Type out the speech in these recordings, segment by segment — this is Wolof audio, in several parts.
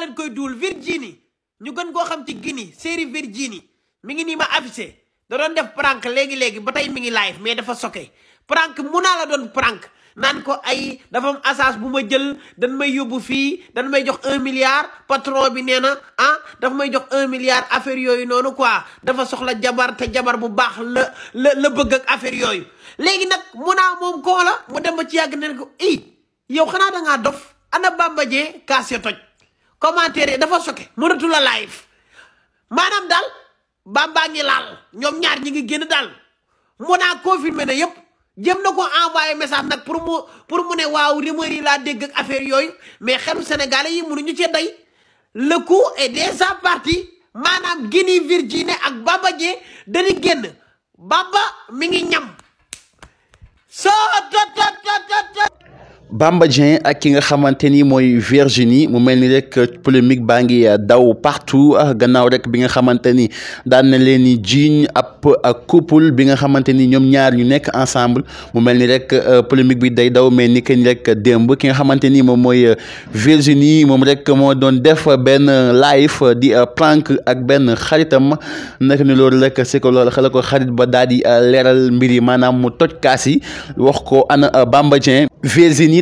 maa leen koy duul Virginie ñu gën koo xam ci Guinée série Virginie mi ngi nii ma affiché da doon def prank léegi léegi ba tey mi ngi live mais dafa soke prank mun naa la doon prank naan ko ay dafa am bu ma jël dañ may yóbbu fii dañ may jox un milliard patron bi nee na ah dafa may jox un milliard affaire yooyu noonu quoi dafa soxla jabar te jabar bu baax la la la bëgg ak affaire yooyu. léegi nag mu naa moom koo la mu dem ba ci yàgg ne ko i yow xanaa da ngaa dof ana Bamba Dieng kaas ya toj. commentaire yi dafa choqué mënatu la live maanaam daal bambaa ngi laal ñoom ñaar ñi ngi génn daal mun naa confirmé ne yëpp jëm na ko envoyé message nag pour mu pour mu ne waaw rumeur yi laa dégg affaire yooyu mais xelu sénégalais yi mënuñu cee day le coup est déjà parti maanaam Gini Virginie ak Bamba Dieng dañu génn Bamba mi ngi ñam. Bamba Dieng ak ki nga xamante ni mooy Virginie mu mel ni rek polémique baa ngi euh, daw partout euh, gannaaw rekk bi nga xamante ni daan na leen ni jiiñ ak euh, couple bi nga xamante ni ñoom ñaar ñu nekk ensemble mu mel ni rek polémique bi day daw mais ni que ni rek démb ki nga xamante ni moom mooy Virginie moom rek moo doon def benn live di prank ak benn xaritam naka ni loolu rek c'est que loolu xala ko xarit ba daal di leeral mbir yi maanaam mu toj kaas yi wax ko ana Bamba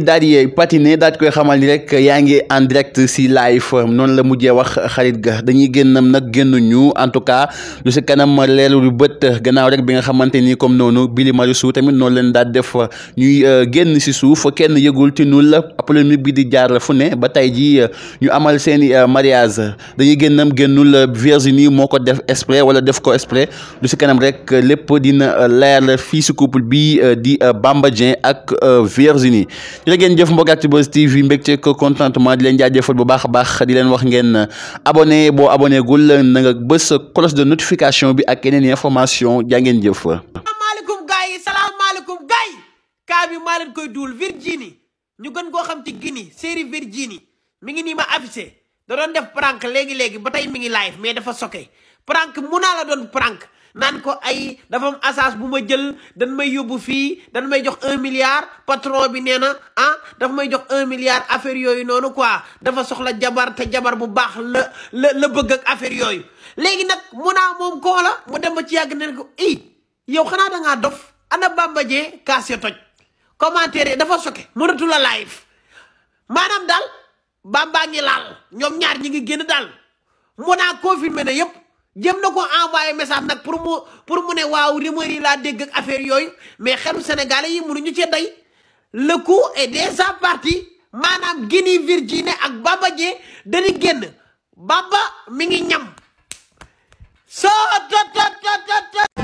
daal di patiner daal di koy xamal ni rek yaa ngi en direct si live noonu la mujjee wax xarit ga dañuy génnam nag génnuñu en tout cas lu si kanam leerlu lu bët gannaaw rek bi nga xamante ni comme noonu Billy Marichou tamit noonu leen daal def ñuy euh, génn si suuf kenn yëgul ci nul la polémique bi di jaar fu ne ba tey ji ñu amal seen i euh, mariage dañuy génnam génnul euh, Virginie moo ko def exprès wala def ko exprès lu si kanam rek lépp dina leer fii si couple bi di Bamba Dieng ak Virginie jërëgeen jëf mbokk Actubuzz TV mbégte ko contentement di leen jaajëfal bu baax a baax di leen wax boo abonné gul na nga bës cloche de notification bi ak yeneen information jaa ngeen jëf salaamaaleykum gars yi salaamaaleykum gars yi kaa bi maa leen koy duul Virginie ñu gën koo xam ci Guinée série Virginie mu ngi nii ma affiché da doon def prank léegi-léegi ba tey mi ngi live mais dafa soke prank mu naa la doon prank naan ko ay dafa am bu ma jël dañ may yóbbu fii dañ may jox un milliard patron bi nee na ah dafa may jox un milliard affaire yooyu noonu quoi dafa soxla jabar te jabar bu baax la la la bëgg ak affaire yooyu léegi nag mu naa moom koo la mu dem ba ci yàgg ne ko i yow xanaa da ngaa dof ana Bamba Dieng kaas toj commentaire yi dafa soke mënatu la live maanaam daal Bamba ngi laal ñoom ñaar ñi ngi génn daal mu naa confirmé na yëpp jëm na ko envoyé message nag pour mu pour mu ne waaw rumeur yi laa dégg affaire yooyu mais xelu sénégalais yi mënuñu cee day le coup est déjà parti maanaam Gini Virginie ak Baba Dieng dañu génn Baba mi ngi ñam soo tot tot tot